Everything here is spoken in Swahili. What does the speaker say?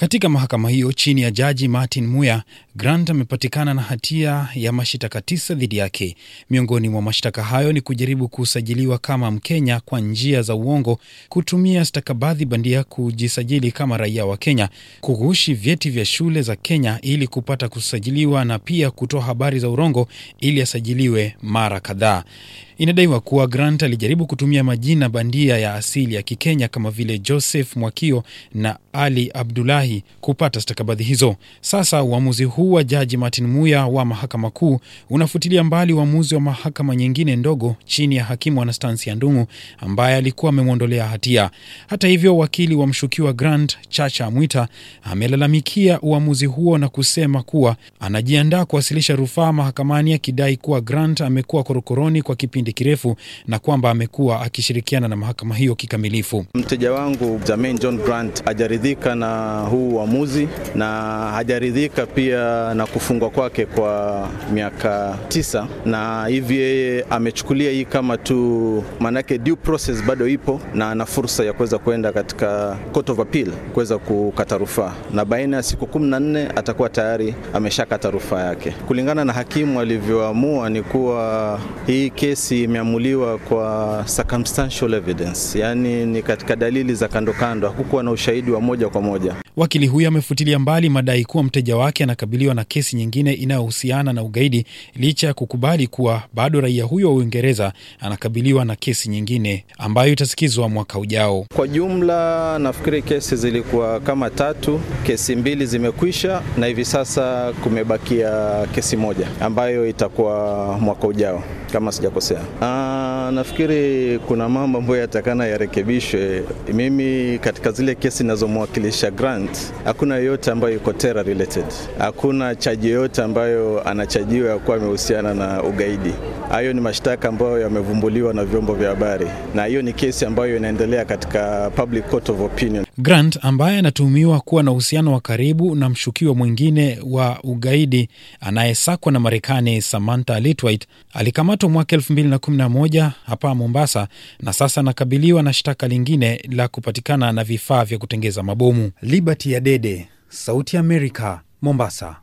Katika mahakama hiyo chini ya jaji Martin Muya, Grant amepatikana na hatia ya mashitaka tisa dhidi yake. Miongoni mwa mashtaka hayo ni kujaribu kusajiliwa kama Mkenya kwa njia za uongo, kutumia stakabadhi bandia kujisajili kama raia wa Kenya, kughushi vyeti vya shule za Kenya ili kupata kusajiliwa, na pia kutoa habari za urongo ili asajiliwe mara kadhaa. Inadaiwa kuwa Grant alijaribu kutumia majina bandia ya asili ya Kikenya kama vile Joseph Mwakio na Ali Abdulahi hakuwahi kupata stakabadhi hizo. Sasa uamuzi huu wa jaji Martin Muya wa mahakama kuu unafutilia mbali uamuzi wa mahakama nyingine ndogo chini ya hakimu Anastansia Ndung'u ambaye alikuwa amemwondolea hatia. Hata hivyo, wakili wa mshukiwa Grant Chacha Mwita amelalamikia uamuzi huo na kusema kuwa anajiandaa kuwasilisha rufaa mahakamani akidai kuwa Grant amekuwa korokoroni kwa kipindi kirefu na kwamba amekuwa akishirikiana na mahakama hiyo kikamilifu. Mteja wangu Jamin John Grant hajaridhika na huu huu uamuzi na hajaridhika pia na kufungwa kwake kwa miaka tisa, na hivi yeye amechukulia hii kama tu, maanake due process bado ipo na ana fursa ya kuweza kuenda katika court of appeal kuweza kukata rufaa, na baina ya siku 14 atakuwa tayari ameshakata rufaa yake. Kulingana na hakimu alivyoamua, ni kuwa hii kesi imeamuliwa kwa circumstantial evidence, yani ni katika dalili za kando kando, hakukuwa na ushahidi wa moja kwa moja. Wakili huyo amefutilia mbali madai kuwa mteja wake anakabiliwa na kesi nyingine inayohusiana na ugaidi licha ya kukubali kuwa bado raia huyo wa Uingereza anakabiliwa na kesi nyingine ambayo itasikizwa mwaka ujao. Kwa jumla, nafikiri kesi zilikuwa kama tatu, kesi mbili zimekwisha na hivi sasa kumebakia kesi moja ambayo itakuwa mwaka ujao kama sijakosea. Aa, ah, nafikiri kuna mambo ambayo yatakana yarekebishwe. Mimi katika zile kesi nazomwakilisha Grant accident. Hakuna yoyote ambayo iko terror related, hakuna chaji yoyote ambayo anachajiwa ya kuwa amehusiana na ugaidi. Hayo ni mashtaka ambayo yamevumbuliwa na vyombo vya habari, na hiyo ni kesi ambayo inaendelea katika public court of opinion. Grant ambaye anatuhumiwa kuwa na uhusiano wa karibu na mshukiwa mwingine wa ugaidi anayesakwa na Marekani, Samantha Litwight, alikamatwa mwaka 2011 hapa Mombasa na sasa anakabiliwa na shtaka lingine la kupatikana na vifaa vya kutengeza mabomu Liberty Liberty ya Dede, Sauti ya Amerika, Mombasa.